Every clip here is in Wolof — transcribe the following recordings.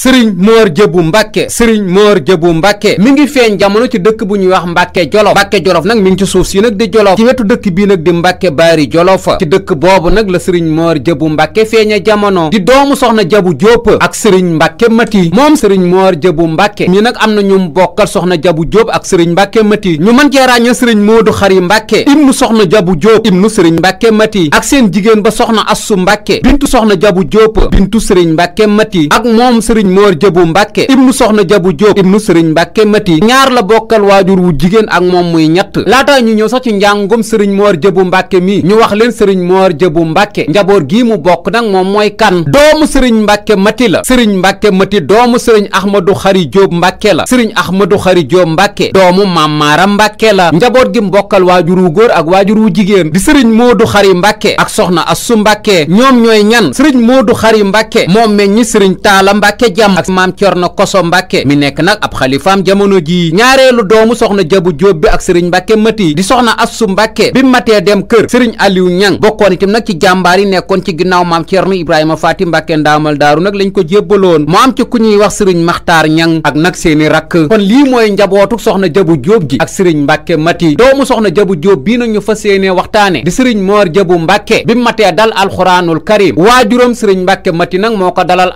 sëriñ moor jëbu mbàkke sëriñ moor bu mbàkke mi ngi feeñ jamono ci dëkk bu ñuy wax mbàkke jolof mbàkke jolof nag mi ngi ci suuf si nag di jolof ci wetu dëkk bii nag di mbàkke baari jolof ci dëkk boobu nag la sëriñ moor jëbu mbàkke feeñe jamono di doomu soxna jabu jóob ak sëriñ mbàkke yi moom sëriñ moor jëbu mbàkke mi nag am na ñu bokkal soxna jabu jóob ak sëriñ mbàkke mati ñu mën cee ràññe sëriñ moodu xari mbàkke ibnu soxna jabu jóob ibnu sëriñ mbàkke mati ak seen jigéen ba soxna assu mbàkke bintu soxna jabu jóob bintu sëriñ mbàkke mati ak moom sëriñ sëriñ moor jëbu mbàkke ibnu soxna jabu jóob ibnu sëriñ mbàkke mati ñaar la bokkal waajur wu jigéen ak moom muy ñett laataa ñu ñëw sax ci njàngum sëriñ moor bu mbàkke mi ñu wax leen sëriñ moor jëbu mbàkke njaboot gii mu bokk nag moom mooy kan doomu sëriñ mbàkke mati la sëriñ mbàkke mati doomu sëriñ du xari jóob mbàkke la sëriñ ahmadu xari jóob mbàkke doomu mammaara mbàkke la njaboot gi mu bokkal waajur wu góor ak waajur wu jigéen di sëriñ moodu xari mbàkke ak soxna assu mbàkke ñoom ñooy ñan sëriñ moodu xari mbàkke moom meññi sëriñ taala mbàkke jam ak maam Cerno Koso Mbàkke mi nekk nag ab xalifaam jamono jii ñaareelu doomu soxna jabu jóob bi ak sëriñ Mbàkke mati di soxna Assu Mbàkke bi matee dem kër sëriñ Aliou Ñang bokkoon itam nag ci jàmbaar yi nekkoon ci ginnaaw maam Cerno Ibrahima Faati Mbàkke ndaamal daaru nag lañ ko jébbaloon mu am ci ku ñuy wax sëriñ Maxtaar Ñang ak nag seeni rakk kon lii mooy njabootu soxna jabu jóob ji ak sëriñ Mbàkke mati doomu soxna jabu jóob bii nag ñu fas yéenee waxtaane di sëriñ Moor Jabu Mbàkke bi matee dal alxuraanul karim waajuram sëriñ Mbàkke mati nag moo ko dalal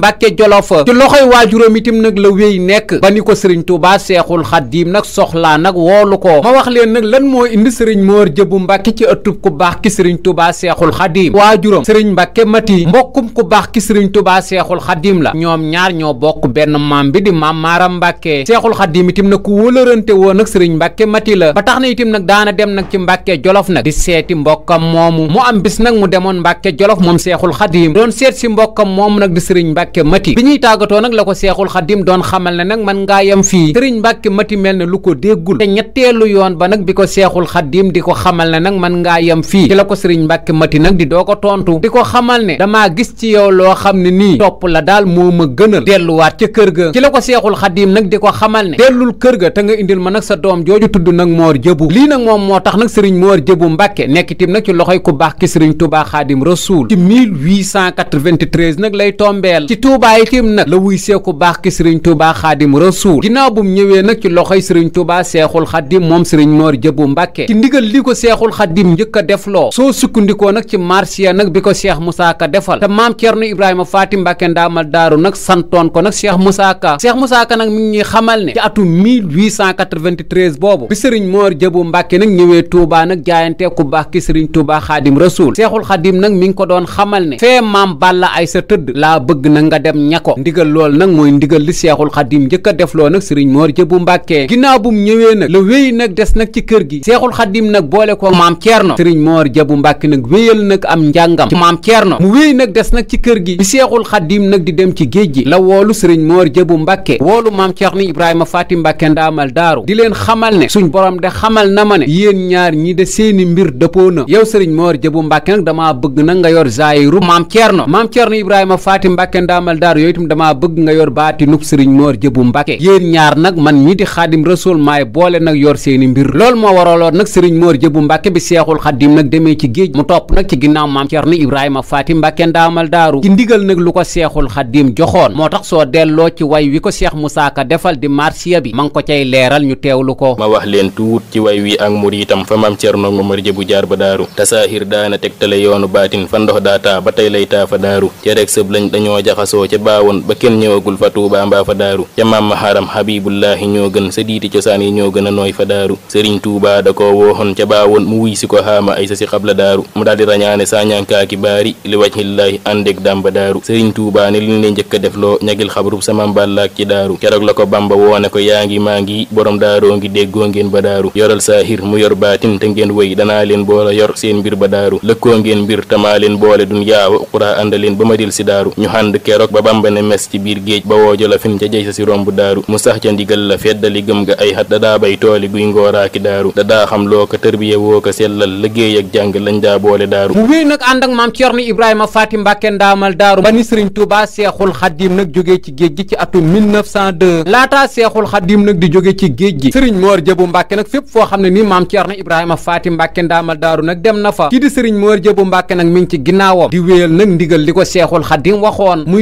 Mbàkke Jolof ci loxoy waajuram itam nag la wéy nekk ba ni ko sëriñ Tuubaa Seexul Xadiim nag soxlaa nag woolu ko ma wax leen nag lan moo indi sëriñ Mor Jëbu Mbàkke ci ëttub ku baax ki sëriñ Tuubaa Seexul Xadiim waajuram sëriñ Mbàkke Mati mbokkum ku baax ki sëriñ Tuubaa Seexul Xadiim la ñoom ñaar ñoo bokk benn maam bi di maam Maaram Mbàkke Seexul Xadiim itam nag ku wëlërante woon nag sëriñ Mbàkke Mati la ba tax na itam nag daana dem nag ci Mbàkke Jolof nag di seeti moomu mu am bis nag mu demoon Mbàkke Jolof moom Seexul Xadiim doon seet si mbokkam moomu nag di sëriñ Mbàkke Mati bi ñuy tàggatoo nag la ko Seexul Xadim doon xamal ne nag man ngaa yem fii sëriñ Mbàkke Mati mel ne lu ko déggul te ñetteelu yoon ba nag bi ko Seexul Xadim di ko xamal ne nag man ngaa yem fii ci la ko sëriñ Mbàkke Mati nag di doo ko tontu di ko xamal ne damaa gis ci yow loo xam ne nii topp la daal moo ma gënal delluwaat ca kër ga ci la ko Seexul Xadim nag di ko xamal ne dellul kër ga te nga indil ma nag sa doom jooju tudd nag Moor Jëbu lii nag moo tax nag sëriñ Moor Jëbu Mbàkke nekk itam nag ci loxoy ku baax ki sëriñ Tuubaa Xaadim Rasuul ci 1893 nag lay tombeel ci Touba itim nag la wuy seeku baax ki sëriñ Touba xaadim rasuul ginnaaw bu mu ñëwee nag ci loxoy sëriñ Touba seexul xaddim moom sëriñ Mor Jëbu Mbàkke ci ndigal li ko seexul xaddim njëkk a defloo soo sukkandikoo nag ci marsiya nag bi ko Cheikh Moussa Ka defal te maam Ibrahima Faati Mbàkke ndaamal daaru nag santoon ko nag Cheikh Moussa Ka Cheikh Moussa Ka nag mi ngi xamal ne ci atum 1893 boobu bi sëriñ Mor Jëbu Mbàkke nag ñëwee Touba nag jaayante ku baax ki sëriñ Touba xaadim rasuul seexul xaddim nag mi ngi ko doon xamal ne fee maam Balla sa tëdd laa bëgg nag nga dem ña ko ndigal lool nag mooy ndigal li seexul xadim njëkk a defloo nag sëriñ moor jëbu mbàkkee ginnaaw bu mu ñëwee nag la wéy nag des nag ci kër gi seexul xadim nag boole ko maam ceerno sëriñ moor jëbu mbàkke nag wéyal nag am njàngam ci maam ceerno mu nag des nag ci kër gi bi seexul xadim nag di dem ci géej gi la woolu sëriñ moor jëbu mbàkke woolu maam ceerno ibrahima faati mbàkke ndaamal daaru di leen xamal ne suñ borom de xamal na ma ne yéen ñaar ñi de seeni mbir dëppoo na yow sëriñ moor jëbu mbàkke nag dama bëgg nag nga yor zaayiru maam ceerno maam ibrahima faati mbàkke jaamal daaru yooyu itam damaa bëgg nga yor baati nub sëriñ moor jëbu mbake yéen ñaar nag man ñi di xaadim rasul maay boole nag yor seeni mbir loolu moo waraloon nag sëriñ moor jëbu mbake bi seexul xaddim nag demee ci géej mu topp nag ci ginnaaw maam cerno ibrahima faati mbàkke ndaamal daaru ci ndigal nag lu ko seexul xaddim joxoon moo tax soo delloo ci way wi ko seex musaa ka defal di marsiya bi ma ko cay leeral ñu teewlu ko ma wax leen tuut ci way wi ak muriitam fa maam cerno momar jëbu jaar ba daaru tasaahir daana tegtale yoonu baatin fa ndox daa taa ba tey lay taa fa daaru cereeg sëb jaxasoo ca baawoon ba kenn ñëwagul fa tuubaa mbaa fa daaru ca maam xaram xabibullaahi ñoo gën sa cosaan yi ñoo gën a nooy fa daaru sëriñ tuubaa da ko wooxoon ca baawoon mu wuy si ko xaama ay sa si xabla daaru mu daldi rañaane saañankaaki baari li wajhillaahi àndeg dàmba daaru sëriñ tuubaa ne liñ lay jëkk def loo ñagil xabrub sama mballaak ci daaru keroog la ko bamba woone ko yaa ngi maa ngi borom daaroo ngi déggoo ngeen ba daaru yoral saahir mu yor baatin te ngeen wëy danaa leen boole yor seen mbir ba daaru lëkkoo ngeen mbir tamaa leen boole dun yaawa uqura leen ba ma dil si daaru keroog ba bàmba ne mes ci biir géej ba woojo la fin ca jey sa si romb daaru mu sax ca ndigal la feddali gëm nga ay xat dadaa tooli guy ngooraaki daaru dadaa xam loo ko sellal liggéey ak jàng lañ daa boole daaru mu wéy nag ànd ak maam Cerno Ibrahima Faati Mbàkke ndaamal daaru ba ni Sëriñ Tuubaa Seexul Xadiim nag jógee ci géej gi ci atum 1902 laataa Seexul Xadiim nag di jóge ci géej gi Sëriñ Moor Jëbu Mbàkke nag fépp foo xam ne nii maam Cerno Ibrahima Faati Mbàkke ndaamal daaru nag dem na fa kii di Sëriñ Moor Jëbu Mbàkke nag mi ci ginnaawam di wéyal nag ndigal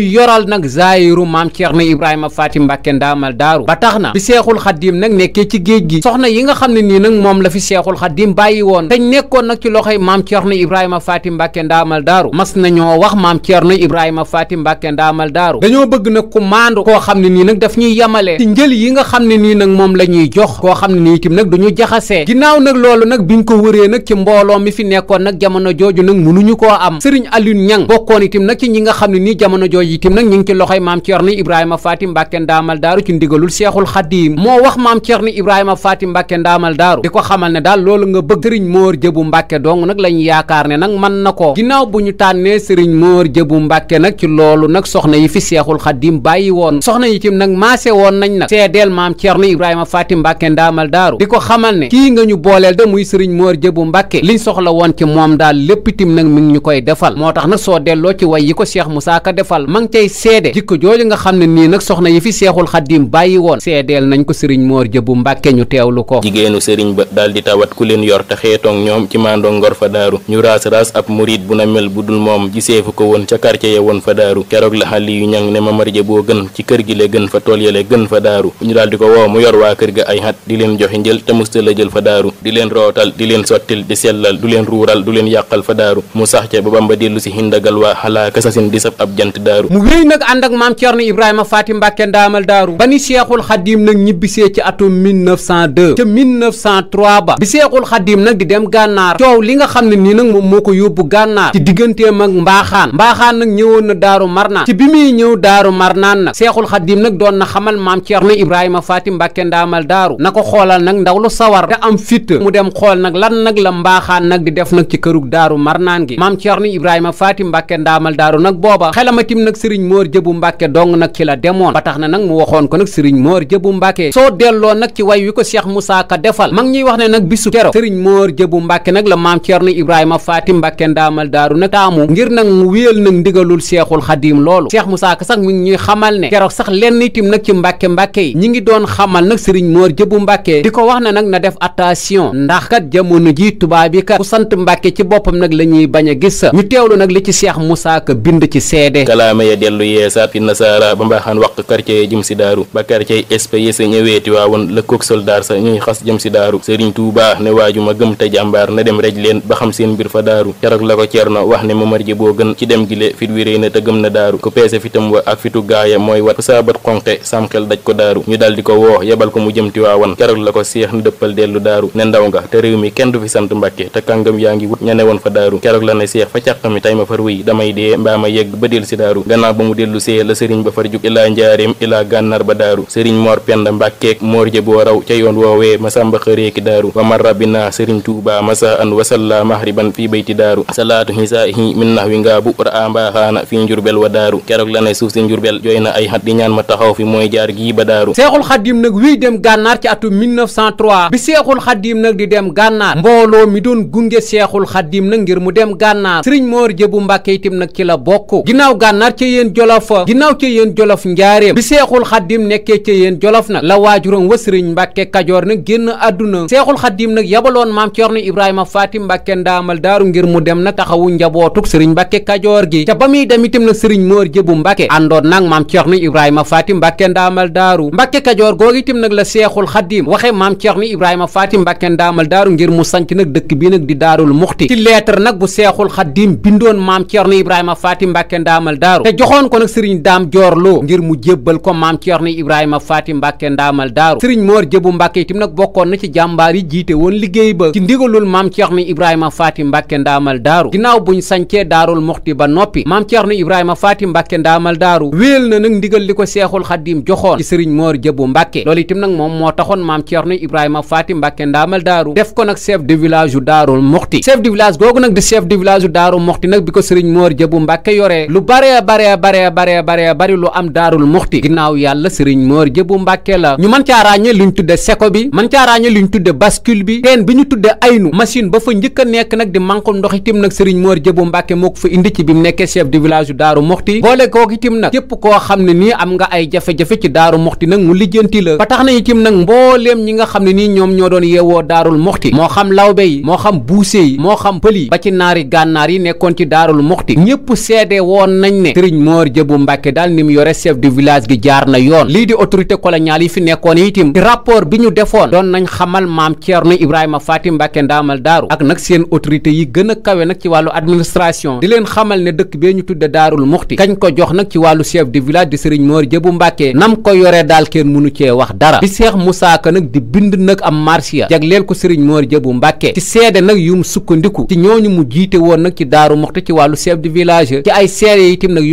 yoral nag zaayiru maam Ceerno Ibrahima Faati Mbàkke ndaamal daaru ba tax na bi seexul xaddiim nag nekkee ci géej gi soxna yi nga xam ne nii nag moom la fi seexul xaddiim bàyyi woon dañ nekkoon nag ci loxoy maam Ceerno Ibrahima Faati Mbàkke ndaamal daaru mas nañoo wax maam Ceerno Ibrahima Faati Mbàkke ndaamal daaru dañoo bëgg nag ku maandu koo xam ne nii nag daf ñuy yemale ci yi nga xam ne nii nag moom la ñuy jox koo xam ne nii itam nag duñu jaxasee ginnaaw nag loolu nag biñ ko wëree nag ci mbooloo mi fi nekkoon nag jamono jooju nag ñu ko am sëriñ Aliou Ñang bokkoon itam nag ci ñi nga xam ne nii jamono jooju itam nag ñu ngi ci loxoy maam Cerno Ibrahima Faty Mbàkke ndaamal daaru ci ndigalul Seexul Xadiim moo wax maam Cerno Ibrahima Faty Mbàkke ndaamal daaru di ko xamal ne daal loolu nga bëgg sëriñ Moor Jëbu Mbàkke dong nag lañu ne nag mën na ko ginnaaw bu ñu tànnee sëriñ Moor Jëbu Mbàkke nag ci loolu nag soxna yi fi Seexul Xadiim bàyyi woon soxna yi tim nag maase woon nañ nag seedeel maam Cerno Ibrahima Faty Mbàkke ndaamal daaru di ko xamal ne kii nga ñu booleel da muy sëriñ Moor Jëbu Mbàkke liñ soxla woon ci moom daal lépp tim nag mi ñu koy defal moo tax nag soo delloo ci way yi ko Seex Musaa Ka defal ma ngi jooju nga xam ne nii nag soxna yi fi seexul xaddiim bàyyi woon seedeel nañ ko sëriñ moor jëbu mbàkke ñu teewlu ko jigéenu sëriñ ba daal di tawat ku leen yor te xeetoon ñoom ci maandoo ngor fa daaru ñu raas raas ab murit bu na mel bu dul moom gisee fu ko woon ca quartier ya woon fa daaru keroog la xali yu ñang ne ma mamar boo gën ci kër gi la gën fa tool yale gën fa daaru ñu daal di ko woo mu yor waa kër ga ay xat di leen joxe njël te musta la jël fa daaru di leen rootal di leen sottil di sellal du leen ruural du leen yàqal fa daaru mu sax ca ba bamba dellu si hindagal waa xalaa kasasin di sab ab mu wéy nag ànd ak maam Thierno Ibrahima faati Mbacke ndaamal daaru ba ni Cheikhul Khadim nag ñibbisee ci atum 1902 ca 1903 ba bi Cheikhul Khadim nag di dem gànnaar coow li nga xam ne nii nag moom moo ko yóbbu gànnaar ci digganteem ak mbaaxaan mbaaxaan nag ñëwoon na daaru marnaan ci bi muy ñëw daaru marnaan nag Cheikhul Khadim nag doon na xamal maam Thierno Ibrahima faati Mbacke ndaamal daaru na ko xoolal nag ndaw lu sawar te am fit mu dem xool nag lan nag la mbaaxaan nag di def nag ci kërug daaru marnaan gi maam Thierno Ibrahima Faty Mbacke ndaamal daaru nag booba sëriñ moor jëbu mbàkke dong nag ci la demoon ba tax na nag mu waxoon ko nag sëriñ moor jëbu mbàkke soo delloo nag ci way wi ko cheikh moussa ka defal mag ñuy wax ne nag bisu kero sëriñ moor jëbu mbàkke nag la maam ceerno ibrahima faati mbàkke ndaamal daaru nag taamu ngir nag mu wéel nag ndigalul seexul xadiim loolu seex moussa ka sax mi ñuy xamal ne keroog sax lenn itim nag ci mbàkke mbàkke yi ñi ngi doon xamal nag sëriñ moor jëbu mbàkke di ko wax ne nag na def attention ndax kat jamono ji tubaab bi kat sant mbàkke ci boppam nag la ñuy bañ a gis ñu nag li ci cheikh moussa ka bind ci seede daaru ba xam seen mbir fa daaru keroog la ko Cerno wax ne Mamar ji boo gën ci dem gile fit wi na te na daaru ku peese fitam wa ak fitu gaaya mooy wat ku saabat xonqe sam xel daj ko daaru ñu dal di ko woo yebal ko mu jëm Tiwaawan keroog la ko seex na dëppal dellu daaru ne ndaw nga te réew mi kenn du fi sant Mbàkke te kàngam yaa ngi wut ña woon fa daaru keroog la ne seex fa càq mi tay ma far damay dee mbaa ma yegg ba del si daaru gannaaw ba mu dellu see la sëriñ ba far jug ilaa njaareem ilaa gànnaar ba daaru sëriñ mor penda mbàkkeek moor jë raw ca yoon woowee masamba xëreeki daaru wa marra bi naa sëriñ tuuba masa an wasalla mahriban fii bayti daaru salaatu hisaahi min nax wi ngaabu ra'a mbaaxaana fii njurbel wa daaru keroog la ne suuf si njurbel jooy na ay xat di ñaan ma taxaw fi mooy jaar gii ba daaru seexul xadim nag wiy dem gànnaar ci atum bi seexul xadim nag di dem gànnaar mi doon gunge seexul xadim nag ngir mu dem gànnaar sëriñ moor jëbu mbàkke yéen jolof ginnaaw ca yéen jolof njaareem bi seexul xaddim nekkee ca yéen jolof nag la waajuram wa sëriñ mbàkke kajoor nag génn àdduna seexul xaddim nag yabaloon maam Ceerno ibrahima faati mbàkke ndaamal daaru ngir mu dem nag taxawu njabootug sëriñ mbàkke kajoor gi ca ba muy dem itam nag sëriñ moor jëbu mbàkke àndoon nag maam Ceerno ibrahima faati mbàkke ndaamal daaru mbàkke kajoor googu itam nag la seexul xaddim waxe maam Ceerno ibrahima faati mbàkke ndaamal daaru ngir mu sanc nag dëkk bi nag di daarul muxti ci lettre nag bu seexul xaddim bindoon maam Ceerno ibrahima joxoon ko nag sëriñ daam joorloo ngir mu jébbal ko maam Ceerno Ibrahima Faati Mbàkke ndaamal daaru sëriñ Moor Jëbu Mbàkke itam nag bokkoon na ci jàmbaar yi jiite woon liggéey ba ci ndigalul maam Ceerno Ibrahima Faati Mbàkke ndaamal daaru ginnaaw buñ sancee daarul muxti ba noppi maam Ceerno Ibrahima Faati Mbàkke ndaamal daaru wéel na nag ndigal li ko seexul xaddiim joxoon ci sëriñ Moor Jëbu Mbàkke loolu itam nag moom moo taxoon maam Ceerno Ibrahima Faati Mbàkke ndaamal daaru def ko nag chef de village yu daarul muxti chef de village nag di chef de village yu daaru muxti nag bi ko sëriñ Moor Jëbu Mbàkke yoree lu bare bare baree baree baree baree bari lu am daarul muxti ginnaaw yàlla sëriñ moor jëbu mbàkke la ñu mën caa ràññe li ñu tudde seko bi mën caa ràññe li ñu tudde bascule bi teen bi ñu tudde aynu machine ba fa njëkk a nekk nag di manqul ndox itim nag sëriñ moor jëbu mbàkke moo ko fa indi ci bi mu nekkee chef de village yu daaru muxti boole xam ne nii am nga ay jafe-jafe ci daaru muxti nag mu lijjanti la ba tax na itim nag mbooleem ñi nga xam ne nii ñoom ñoo doon yeewoo daarul muxti Serigne Mor Jëbu Mbàkke daal ni mu yore chef de village gi jaar na yoon lii di autorité coloniale yi fi nekkoon itim ci rapport bi ñu defoon doon nañ xamal maam Ceerno Ibrahima Fatim Mbàkke ndaamal daaru ak nag seen autorité yi gën a kawe nag ci wàllu administration di leen xamal ne dëkk bee ñu tudde daarul muxti kañ ko jox nag ci wàllu chef de village di Serigne Mor Jëbu Mbàkke nam ko yoree daal kenn mënu cee wax dara bi Seex Musaa Ka nag di bind nag am marsiya jagleel ko Serigne Mor Jëbu Mbàkke ci seede nag yum sukkandiku ci ñooñu mu jiite woon nag ci daaru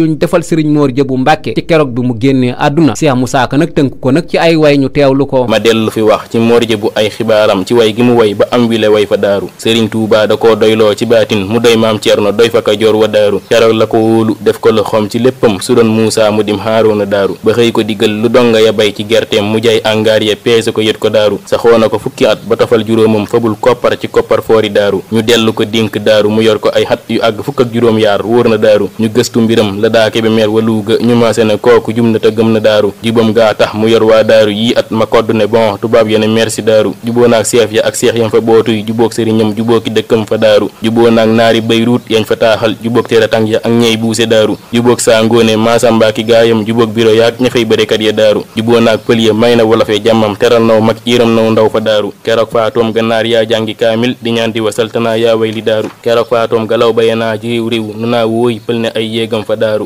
yuñ defal sëriñ Mor Jëbu Mbàkke ci keroog bi mu génnee àdduna Cheikh Moussa Ka nag tënk ko nag ci ay way ñu lu ko ma dellu fi wax ci Mor Jëbu ay xibaaram ci way gi mu way ba am la way fa daaru sëriñ Tuubaa da koo doyloo ci baatin mu doy maam na doy fa Kajoor wa daaru keroog la ko wóolu def ko la xom ci léppam su doon Muusaa mu dim Haaroona daaru ba xëy ko diggal lu donga ya bay ci gerteem mu jaay angaar ya peese ko yët ko daaru saxoo na ko fukki at ba tofal juróomam fabul koppar ci koppar foori daaru ñu dellu ko dénk daaru mu yor ay xat yu àgg fukk daa kebe meer wa luuga ñu maase ne kooku jum na te gëm na daaru jubam gaa tax mu yor waa daaru yii at ma kodd ne bon tubaab ya ne meer si daaru juboo naag seef ya ak seex yam fa bootuy juboog sëriñam juboo ki dëkkam fa daaru juboo naag naari bayruut yañ fa taaxal juboog teera tang ya ak ñey buuse daaru juboog saa ngóone maasamba gaayam juboog biro yaag ña fay ya daaru juboo naag pël ya may na wala jàmmam teral naw mag yëram naw ndaw ga naar yaa jàngi kaamil di ñaan di wa saltanaa yaa way li daaru keroog faatoom ga law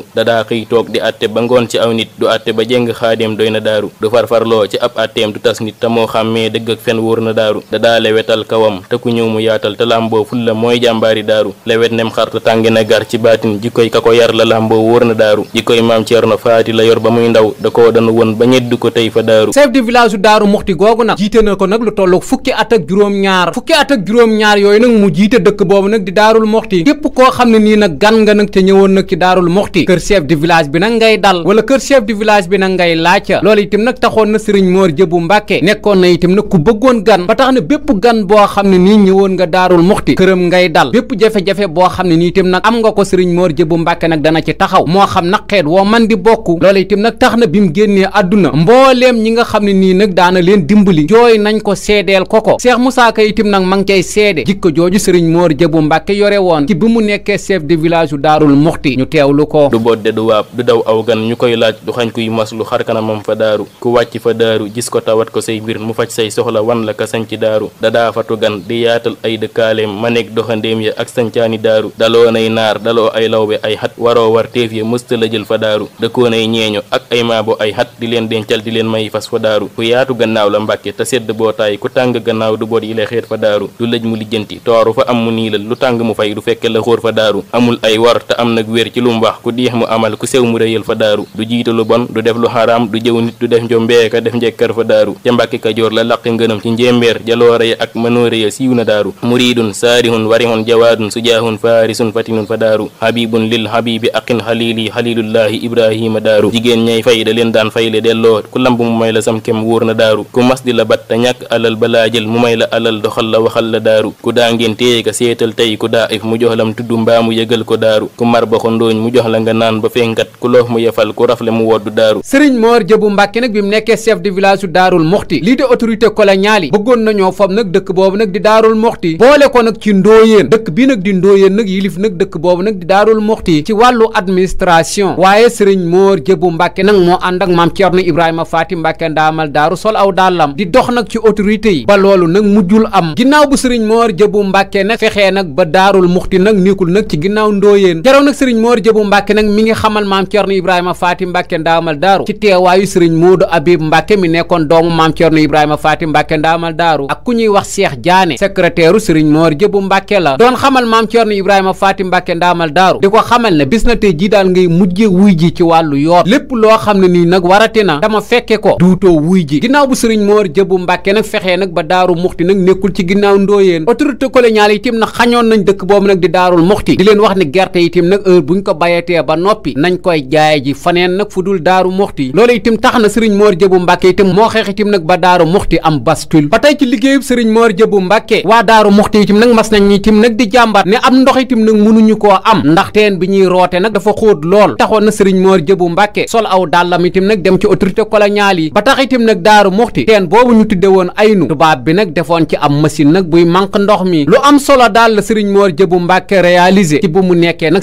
daaru dadaa toog di atte ba ngoon ci aw nit du atte ba jeng xaadim doy na daaru du farfarloo ci ab atteem du tas nit te moo xàmmee dëgg ak fen wóor na daaru dadaa lewetal kawam te ku ñëw mu yaatal te làmboo ful la mooy jàmbaari daaru lewet nem xar te tàngi na gar ci baatin jikkoy ka ko yar la làmboo wóor na daaru jikkoy maam Ceerno faati la yor ba muy ndaw da ko danu woon ba ñeddu ko tey fa daaru chef de village daaru muxti googu nag jiite na ko nag lu tollu fukki at ñaar fukki at ak juróom-ñaar yooyu nag mu jiite dëkk boobu nag di daarul muxti képp koo xam ne nii nag gan nga nag te ñëwoon nag ci daarul muxti kër chef de village bi nag ngay dal wala kër chef de village bi nag ngay laajca loolu itam nag taxoon na sëriñ Mor Jëbu Mbàkke nekkoon na itam nag ku bëggoon gan ba tax na bépp gan boo xam ne nii ñëwoon nga daarul muxti këram ngay dal bépp jafe-jafe boo xam ne nii itam nag am nga ko sëriñ Mor Jëbu Mbàkke nag dana ci taxaw moo xam nag xeet woo man di bokk loolu itam nag tax na bi mu génnee àdduna mbooleem ñi nga xam ne nii nag daana leen dimbali jooy nañ ko seedeel ko ko Seex Musaa Ka itam nag ma ngi cay seede jikko jooju sëriñ Mor Jëbu Mbàkke yore woon ci bi mu nekkee chef de village u daarul muxti ñu bodde du waab du daw aw gan ñu koy laaj du xañ kuy maslu xar kanamam fa daaru ku wàcc fa daaru gis ko tawat ko say mbir mu faj say soxla wan la ka sañ daaru di yaatal ay dëkkaaleem maneeg doxandéem ya ak sancaani daaru daloo nay naar daloo ay lawbe ay xat waroo war teef ya mësta la jël fa daaru dëkkoonay ñeeño ak ay maabo ay xat di leen dencal di leen may fas fa daaru ku yaatu gannaaw la mbàkke te sedd bootaay ku tàng gannaaw du boot yi lay xeet fa daaru lu lëj mu lijjanti tooru fa am mu niilal lu tàng jeex mu amal ku sew mu réyal fa daaru du jiite lu bon du def lu xaraam du jëw nit du def njombeeka def njekkar fa daaru ca mbàkke kajoor la laqi ngënam ci njéembeer jaloore ya ak mënoore ya siiw na daaru muridun saarihun warihun jawaadun sujaahun faarisun fatinun fa daaru habibun lil habibi aqin xalili xalilullaahi ibrahima daaru jigéen ñay fay da leen daan fayle delloo ku lamb mu may la sam wóor na daaru ku mas di la bat te ñàkk alal balaa naan ba fengat ku loof mu yefal ku rafle mu woddu daaru sëriñ moor jëbu mbàkke nag bi mu nekkee chef de village su daarul muxti lii de autorité coloniale yi bëggoon nañoo fab nag dëkk boobu nag di daarul muxti boole ko nag ci ndóoyéen dëkk bi nag di ndóoyéen nag yilif nag dëkk boobu nag di daarul muxti ci wàllu administration waaye sëriñ moor jëbu mbàkke nag moo ànd ak maam Cerno ibrahima faati mbàkke ndaamal daaru sol aw dàllam di dox nag ci yi ba loolu nag mujjul am ginnaaw bu sëriñ moor ba daarul muxti nag niikul nag ci ginnaaw ndóoyéen jaraw nag sëriñ moor jëbu mbàkke nag mi ngi xamal maam Thierno Ibrahima mi nekkoon doomu maam Thierno Ibrahima Faty Mbacke ndaamal daaru ak ku ñuy wax Cheikh Diané secrétaire u sëriñ Mor Jëbu Mbacke la doon xamal maam Thierno Ibrahima Faty Mbacke ndaamal daaru di ko xamal ne bis na tey jii daal ngay mujje wuy ji ci wàllu yoon lépp loo xam ne nii nag warati na dama fekke ko duutoo wuy ji ginnaaw bu sëriñ Mor Jëbu Mbacke nag fexee nag ba daaru muxti nag nekkul ci ginnaaw ndooyeen autorité coloniale itim na xañoon nañ dëkk boobu nag di di leen wax ne gerte itim nag heure ba noppi nañ koy jaaye ji faneen nag fu dul daaru muxti loolu itam tax na sëriñ moor jëbu mbàkke itam moo xeex itam nag ba daaru muxti am bascule ba tey ci liggéeyub sëriñ moor jëbu mbàkke waa ndax teen bi ñuy roote nag dafa xóot lool taxoon na sëriñ moor jëbu mbàkke sol aw dàllam itam nag dem ci autorité coloniale yi ba tax itam nag daaru muxti teen boobu ñu tudde woon aynu tubaab bi nag defoon ci am machine nag buy manque ndox mi lu am solo daal la sëriñ moor jëbu mbàkke réalisé ci bu mu nekkee nag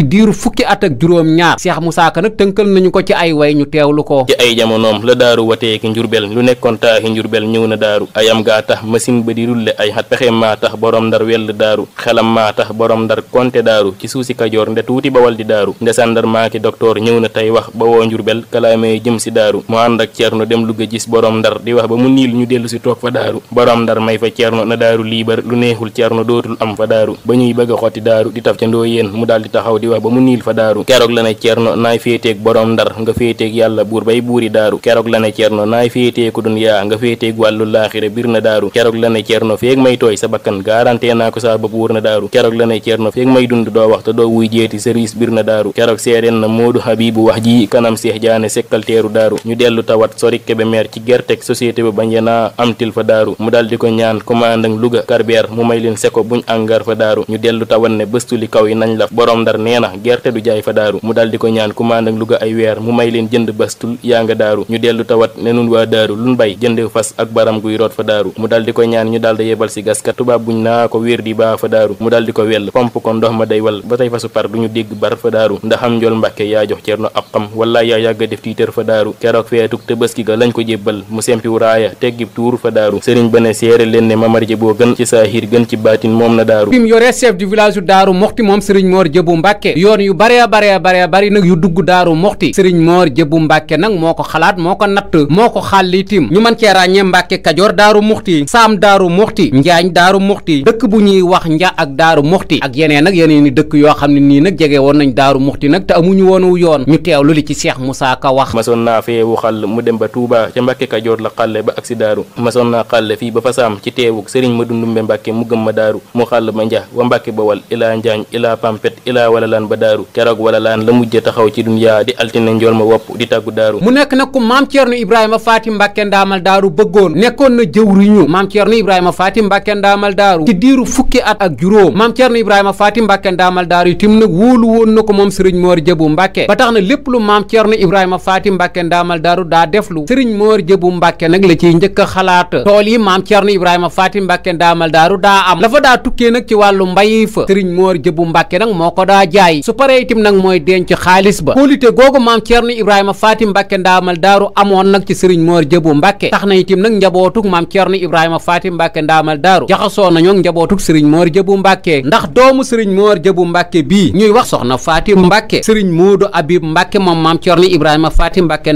ci diiru fukki at ak juróom-ñaar Cheikh Moussa Ka nag tënkal nañu ko ci ay way ñu teewlu ko ci ay jamonoom la daaru wateeki njurbel lu nekkoon taaxi njurbel ñëw na daaru ayam gaa tax masin ba di rulle ay xat pexeem maa tax borom ndar well daaru xelam maa tax borom ndar konte daaru ci suusi kajoor nde tuuti bawal di daaru nde sàndar maaki ñëw na tey wax ba woo njurbel kalaamee jëm si daaru mu ànd ak ceerno dem Louga gis borom ndar di wax ba mu niil ñu dellu si toog fa daaru borom ndar may fa ceerno na daaru liibar lu neexul ceerno dootul am fa daaru ba a wax ba mu niil fa daaru keroog la ne ceerno naay féeteeg borom ndar nga féeteeg yàlla buur bay buuri daaru keroog la ne ceerno naay féeteeku dun yaa nga féeteeg wàllu laaxira bir na daaru keroog la ne ceerno may tooy sa bakkan garanté naa ko saa bopp wóor na daaru keroog la ne ceerno feeg may dund doo wax te doo wuy jeeti service bir na daaru keroog seedeen na moodu habibu wax ji kanam seex jaane sekkal teeru daaru ñu dellu tawat sori kebe meer ci nee na gerte du jaay fa daaru mu dal di ko ñaan ku maan ak Louga ay weer mu may leen jënd bastul yaa nga daaru ñu dellu tawat ne nun waa daaru lun bay jënde fas ak baram guy root fa daaru mu dal di ko ñaan ñu daal da yebal si gaskat tubaab buñ naa ko wér di baa fa daaru mu dal ko wel pomp ko ndox ma day wal ba tey fasu par duñu dégg bar fa daaru ndax njool mbàkke yaa jox cerno ab xam wala yaa yàgga def tiitër fa daaru keroog feetug tëbaski Mbàkke yoon yu bare a bare a bare a bari nag yu dugg daaru moxti sëriñ moor jëbu Mbàkke nag moo ko xalaat moo ko natt moo ko xàllitim ñu man cee ràññee Mbàkke Kajoor daaru muxti saam daaru muxti njaañ daaru muxti dëkk bu ñuy wax nja ak daaru muxti ak yeneen nag yeneen ni dëkk yoo xam ne nii nag jege woon nañ daaru muxti nag te amuñu woon yoon ñu teewlu li ci Cheikh Moussa Ka wax ma masoon naa feewu xàll mu dem ba Touba ca Mbàkke Kajoor la xàlle ba agsi daaru masoon naa xàlle fii ba fasaam ci teewuk sëriñ ma dundumbe Mbàkke mu gëm ma daaru mu xàll ba nja naan ba daaru keroog wala laan la mujj taxaw ci dunyaa di altine njool ma wopp di tàggu daaru mu nekk nag ku maam Thierno Ibrahima Faati Mbàkke ndaamal daaru bëggoon nekkoon na jëwriñu maam Thierno Ibrahima Faati Mbàkke ndaamal daaru ci diiru fukki at ak juróom maam Thierno Ibrahima na ko moom sëriñ Moor Jëbu Mbàkke ba tax Ibrahima Faati Mbàkke ndaamal daaru daa def lu sëriñ Moor Jëbu Mbàkke nag la ciy njëkk a xalaat tool yi maam Thierno Ibrahima Faati Mbàkke ndaamal daaru daa am la fa daa tukkee nag ci wàllu mbay fa sëriñ Moor Jëbu Mbàkke nag moo ko daa jaay bàyyi su paree itam nag mooy denc xaalis ba kóolite googu maam Thierno Ibrahima Faty Mbacke ndaamal daaru amoon nag ci sëriñ Mor Jëbu Mbacke tax na itam nag njabootug maam Thierno Ibrahima Faty Mbacke ndaamal daaru jaxasoo nañoo njabootug sëriñ Mor Jëbu Mbacke ndax doomu sëriñ Mor Jëbu Mbacke bii ñuy wax soxna Faty Mbacke sëriñ Moodu Abib Mbacke moom maam Thierno Ibrahima Faty Mbacke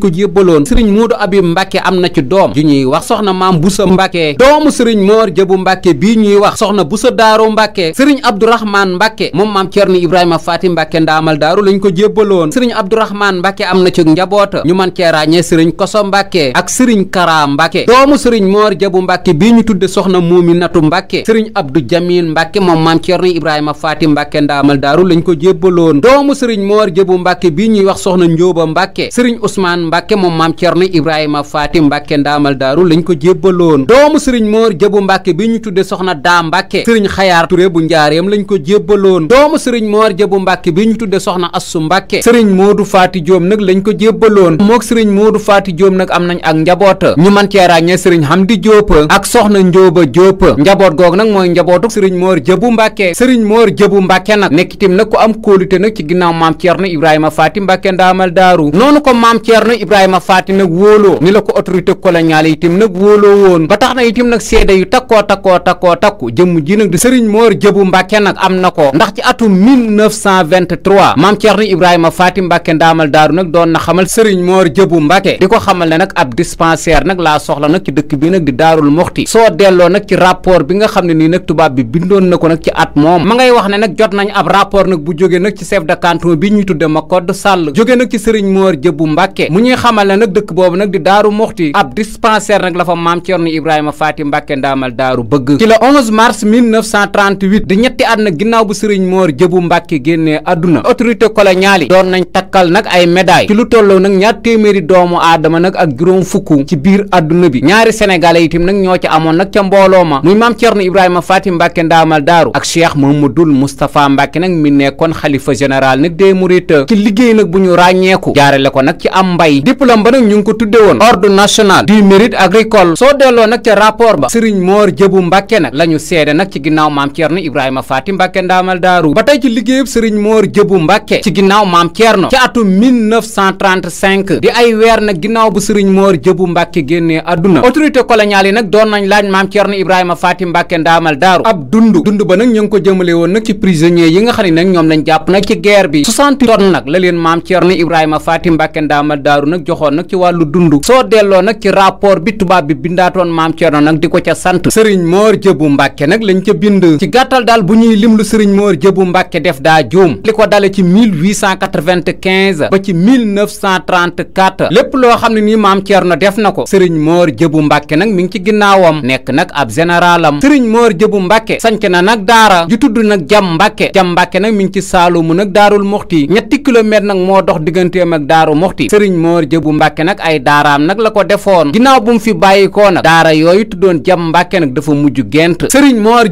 ko jébbaloon sëriñ Moodu Abib Mbacke am na ci doom ju ñuy wax soxna maam Busa Mbacke doomu sëriñ Mor Jëbu Mbacke bii ñuy wax soxna Busa Daaru Mbacke sëriñ Abdourahmane Mbacke moom maam Cerno Ibrahima Faati Mbàkke ndaamal daaru lañ ko jébbaloon sëriñ Abdourahmaan Mbàkke am na ci njaboota ñu man cee ràññee sëriñ Koso Mbàkke ak sëriñ Kara Mbàkke doomu sëriñ Moor Jabu Mbàkke bii ñu tudde soxna Muuminatu Mbàkke sëriñ Abdou Jamil Mbàkke moom maam Cerno Ibrahima Faati Mbàkke ndaamal daaru lañ ko jébbaloon doomu sëriñ Moor Jabu Mbàkke bii ñuy wax soxna Njóoba Mbàkke sëriñ Usmaan Mbàkke moom maam Cerno Ibrahima Faati Mbàkke ndaamal daaru lañ ko jébbaloon doomu sëriñ Moor Jabu Mbàkke bi ñu tudde soxna Daa Mbàkke sëriñ Xayaar Ture bu Njaareem lañ ko jébbaloon doomu sëriñ Mor Jabu Mbàkke bi ñu tudde soxna Assu Mbàkke sëriñ Moodu Faati Jóob nag lañ ko jébbaloon mook sëriñ Moodu Faati Jóob nag am nañ ak njaboota ñu man cee ràññee sëriñ Hamdi Jóob ak soxna Njóoba Jóob njaboot goog nag mooy njabootuk sëriñ Mor Jabu Mbàkke sëriñ Mor Jabu Mbàkke nag nekk itam nag ku am kóolute nag ci ginnaaw maam Ceerno Ibrahima Faati Mbàkke ndaamal daaru noonu ko maam Ceerno Ibrahima Faati nag wóoloo ni la ko autorité coloniale itam nag wóoloo woon ba tax na itam nag seede yu takkoo takkoo takkoo takku jëmm ji nag di sëriñ Mor Jabu Mbàkke nag am na ko ndax ci at atum 1923 maam Thierno Ibrahima Fatim Mbacke ndaamal daaru nag doon na xamal Serigne Mor Jëbu Mbacke di ko xamal na nag ab dispensaire nag laa soxla nag ci dëkk bi nag di daarul moxti soo delloo nag ci rapport bi nga xam ne nii nag tubaab bi bindoon na ko nag ci at moom ma ngay wax ne nag jot nañ ab rapport nag bu jógee nag ci chef de canton bi ñuy tudde Makoddu Sall jógee nag ci Serigne Mor bu Mbacke mu ñuy xamal nag dëkk boobu nag di daaru moxti ab dispensaire nag la fa maam Thierno Ibrahima Fatim Mbacke ndaamal daaru bëgg ci le Mamor Jëbu Mbàkke génnee àdduna autorité coloniale yi doon nañ takkal nag ay médaille ci lu tolloo nag ñaar téeméeri doomu aadama nag ak juróom fukk ci biir àdduna bi ñaari sénégalais itam nag ñoo ci amoon nag ca mbooloo ma muy maam Cerno Ibrahima Faati Mbàkke ndaamal daaru ak mu Mamadul Moustapha Mbàkke nag mi nekkoon xalifa général nag des mourides ci liggéey nag bu ñu ràññeeku jaarale ko nag ci am mbay diplôme ba nag ñu ngi ko tudde woon ordre national du mérite agricole soo delloo nag ca rapport ba Sëriñ la ñu seede nag ba tey ci liggéeyub sëriñ Mor Jëbu Mbàkke ci ginnaaw maam Thierno ci atum 1935 di ay weer nag ginnaaw bu sëriñ moor Jëbu Mbàkke génnee àdduna autorité coloniale yi nag doon nañ laaj maam Thierno Ibrahima Faati Mbàkke ndaamal daaru ab dund dund ba nag ñu ngi ko jëmale woon nag ci prisonnier yi nga xam ne nag ñoom lañ jàpp nag ci guerre bi 60 tonnes nag la leen maam Thierno Ibrahima Faati Mbàkke ndaamal daaru nag joxoon nag ci wàllu dund soo delloo nag ci rapport bi tubaab bi bindaatoon maam Thierno nag di ko ca sant sëriñ Mor Jëbu Mbàkke nag lañ ca bind ci gàttal bu ñuy lim lu sëriñ Mor Mbàkke def daa juum li ko dale ci 1895 ba ci 1934 lépp loo xam ne nii maam Thierno def na ko sëriñ Moor Jëbu Mbàkke nag mi ngi ci ginnaawam nekk nag ab généralam sëriñ Moor Jëbu Mbàkke sanc na nag daara ju tudd nag Jam Mbàkke Jam Mbàkke nag mi ngi ci Saalumu nag Daarul Muxti ñetti kilomètre nag moo dox digganteem ak Daaru Muxti sëriñ Moor Jëbu Mbàkke nak ay daaraam nag la ko defoon ginnaaw bu mu fi bàyyikoo nag daara yooyu tuddoon Jam Mbàkke nag dafa mujj gent sëriñ Moor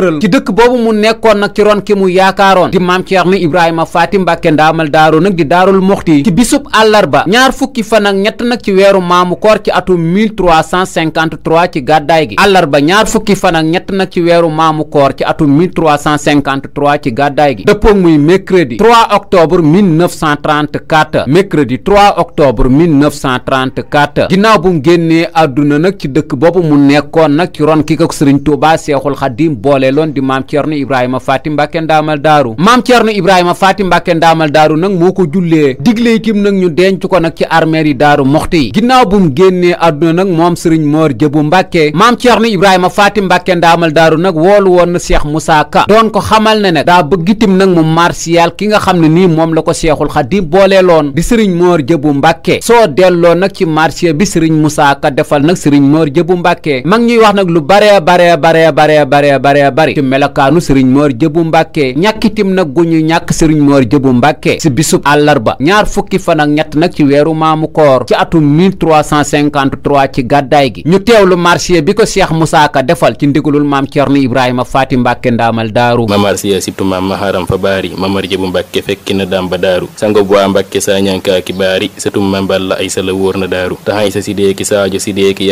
tëral ci dëkk boobu mu nekkoon nag ci ron ki mu yaakaaroon di maam Ceerno Ibrahima Faati Mbàkke ndaamal daaru nag di daarul muxti ci bisub àllarba ñaar fukki fan ak ñett nag ci weeru maamu koor ci atum 1353 ci gàddaay gi àllarba ñaar fukki fan ak ñett nag ci weeru maamu koor ci atum 1353 ci gàddaay gi dëppoog muy mercredi 3 octobre 1934 mercredi 3 octobre 1934 ginnaaw bu mu génnee àdduna nag ci dëkk boobu mu nekkoon nag ci ron ki ko Sëriñ Tuubaa Seexul Xadiim boole jagleeloon di maam Thierno Ibrahima Faty Mbacke ndaamal daaru maam Thierno Ibrahima Faty Mbacke ndaamal daaru nag moo ko jullee digle itam nag ñu denc ko nag ci armeer yi daaru moxti yi ginnaaw bu mu génnee àdduna nag moom sëriñ Mor Jëbu Mbacke maam Thierno Ibrahima Faty Mbacke ndaamal daaru nag woolu woon na Cheikh Moussa Ka doon ko xamal ne nag daa bëgg itam nag mu martial ki nga xam ne nii moom la ko Cheikhul Khadim booleeloon di sëriñ Mor Jëbu Mbacke soo delloo nag ci martial bi sëriñ Moussa Ka defal nag sëriñ Mor Jëbu Mbacke mag ñuy wax nag lu bare bare bare bare bare bari ci melokaanu sëriñ moor jëbu mbàkke ñàkkitim nag gu ñu ñàkk sëriñ moor jëbu mbàkke si bisub àllarba ñaar fukki fan ak ñett nag ci weeru maamu koor ci atum 1353 ci gàddaay gi ñu teewlu marché bi ko seex musaa ka defal ci ndigalul maam cerno ibrahima faati mbàkke ndaamal daaru ma marché siptu maam maharam fa baari mamar jëbu mbàkke fekki na daam ba daaru sango bu waa mbàkke saa ñankaa ki baari satum ma mballa ay sa la wóor na daaru taxañ sa sidee ki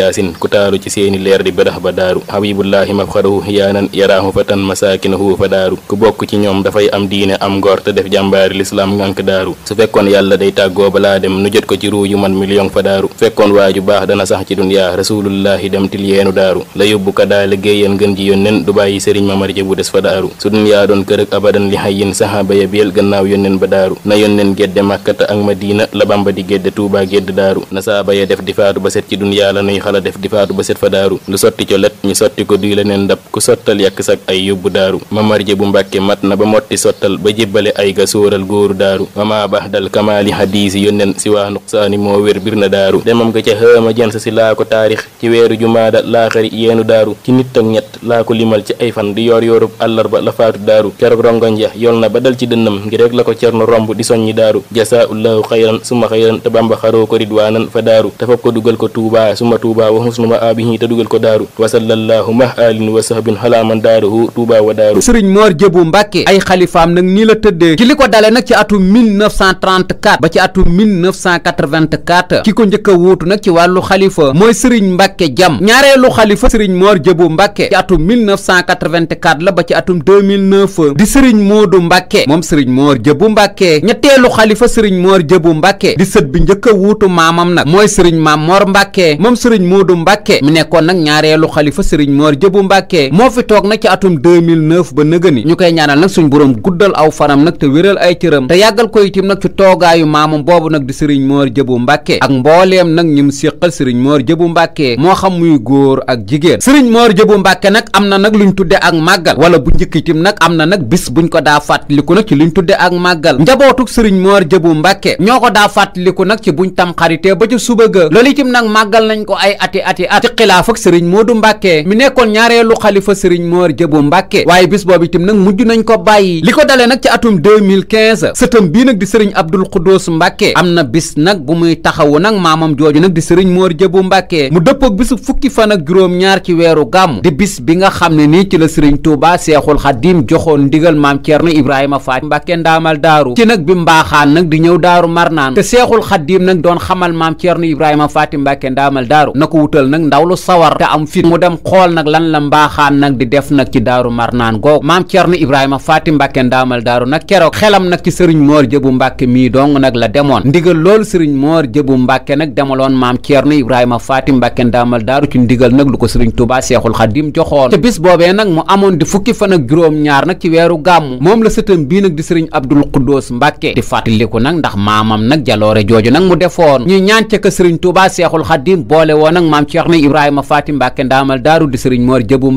yaraahu fatan masaakinahu fa daaru ku bokk ci ñoom dafay am diine am ngor te def jàmbaari lislaam ngànk daaru su fekkoon yàlla day tàggoo balaa dem nu jot ko ci ruuju man million fa daaru fekkoon waaju baax dana sax ci dunyaa rasulullahi dem yeenu daaru la yóbbu ka daa ngën ji yónneen du bàyyi sëriñ mamar ja bu des fa daaru su dunyaa doon kër ak abadan li xayyin saxaaba ya beel gannaaw yónneen ba daaru na yónneen gédde màkkata ak madina la bamba di gédde tuubaa gédd daaru na saaba ya def di faatu ba la nuy di faatu fekk sak ay yóbbu daaru mamarje bu mbàkke mat na ba motti sottal ba jébbale ay ga sóoral góoru daaru wama bax dal kamaali xadiisi yonen si waa nuqsaani moo wér bir na daaru demam nga ca xëama jensa si laa ko taarix ci weeru jumaada laaxari yeenu daaru ci nit ak ñett laa ko limal ci ay fan di yor yorub àllarba la faatu daaru keroog rongoñ ya yool na ba dal ci dënnam ngi rek la ko cerno romb di soññi daaru jasaaullaahu xayran suma xayran te bamba xaroo ko ridwaanan fa daaru te fab ko dugal ko tuubaa suma tuubaa wa xusnuma abihi te dugal daaruhu tuuba wa daaru sëriñ moor jëbu mbàkke ay xalifaam nag nii la tëddee ci li ko dale nag ci atum ba ci atum 1984 ki ko njëkk a wuutu nag ci wàllu xalifa mooy sëriñ mbàkke jam ñaareelu xalifa sëriñ moor jëbu mbàkke ci atum 1984 la ba ci atum 2009 di sëriñ moodu mbàkke moom sëriñ moor jëbu mbàkke ñetteelu xalifa sëriñ moor jëbu mbakke di sët bi njëkk a wuutu maamam nag mooy sëriñ maam moor mbàkke moom sëriñ moodu mbàkke mi nekkoon nag ñaareelu xalifa sëriñ moor jëbu mbàkke moo fi ci atum 2009 ba nëgëni ñu ko ñaanal nag suñ boroom guddal aw fanam nag te wéral ay cëram te yàggal ko itim nag ci toogaayu maamam boobu nag di sëriñ Mor Jëbu Mbàkke ak mbooleem nag ñi mu séqal sëriñ Mor Jëbu Mbàkke moo xam muy góor ak jigéen sëriñ Mor Jëbu Mbàkke nag am na nag luñ tudde ak màggal wala bu njëkk itim nag am na nag bis buñ ko daa fàttaliku nag ci luñ tudde ak màggal njabootug sëriñ Mor Jëbu Mbàkke ñoo ko daa fàttaliku nag ci buñ tam ba ca suba ga loolu itim nag màggal nañ ko ay ati ati at ci xilaaf ak sëriñ Moodu Mbàkke Mor Jabo Mbàkke waaye bis boobu itam nag mujj nañ ko bàyyi li ko dalee nag ci atum 2015 bii nag di sëriñ Abdul Xudoos Mbàkke am na bis nag bu muy taxawu nag maamam jooju nag di sëriñ Mor Jabo Mbàkke mu dëppook bisu fukki fan ak juróom-ñaar ci weeru gàmm di bis bi nga xam ne nii ci la sëriñ Touba Seexul Xadim joxoon ndigal maam Ceerno Ibrahima Faati Mbàkke ndaamal daaru ci nag bi mbaaxaan nag di ñëw daaru marnaan te Seexul Xadim nag doon xamal maam Ceerno Ibrahima Faati Mbàkke ndaamal daaru na ko wutal nag ndaw lu sawar te am fit mu dem xool nag lan la mbaaxaan nag di def nag ci daaru marnaan googu maam Cerno Ibrahima Faati Mbàkke ndaamal daaru nag keroog xelam nag ci sëriñ moor jëbu mbàkke mii dong nag la demoon ndigal loolu sëriñ moor jëbu mbàkke nag demaloon maam Cerno Ibrahima Faati Mbàkke ndaamal daaru ci ndigal nag ko sëriñ Tuubaa Seexul Xadiim joxoon te bis boobee nag mu amoon di fukki fan ak juróom-ñaar nag ci weeru gàmmu moom la sëtam bii nag di sëriñ Abdul Xuddoos Mbàkke di fàttaliku nag ndax maamam nag jaloore jooju nag mu defoon ñu ñaan ca ka sëriñ Tuubaa Seexul Xadiim boole woon nag maam Cerno Ibrahima Faati Mbàkke ndaamal daaru di sëriñ moor jëbu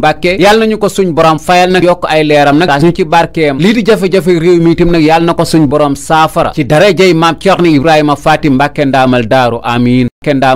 suñ borom fayal nag yokk ay leeram nag taas ñu ci barkeem lii di jafe-jafe réew mi itam nag yàlla na ko suñ borom saafara ci darajey maam Cerno Ibrahima Faati Mbàkke ndaamal daaru amiin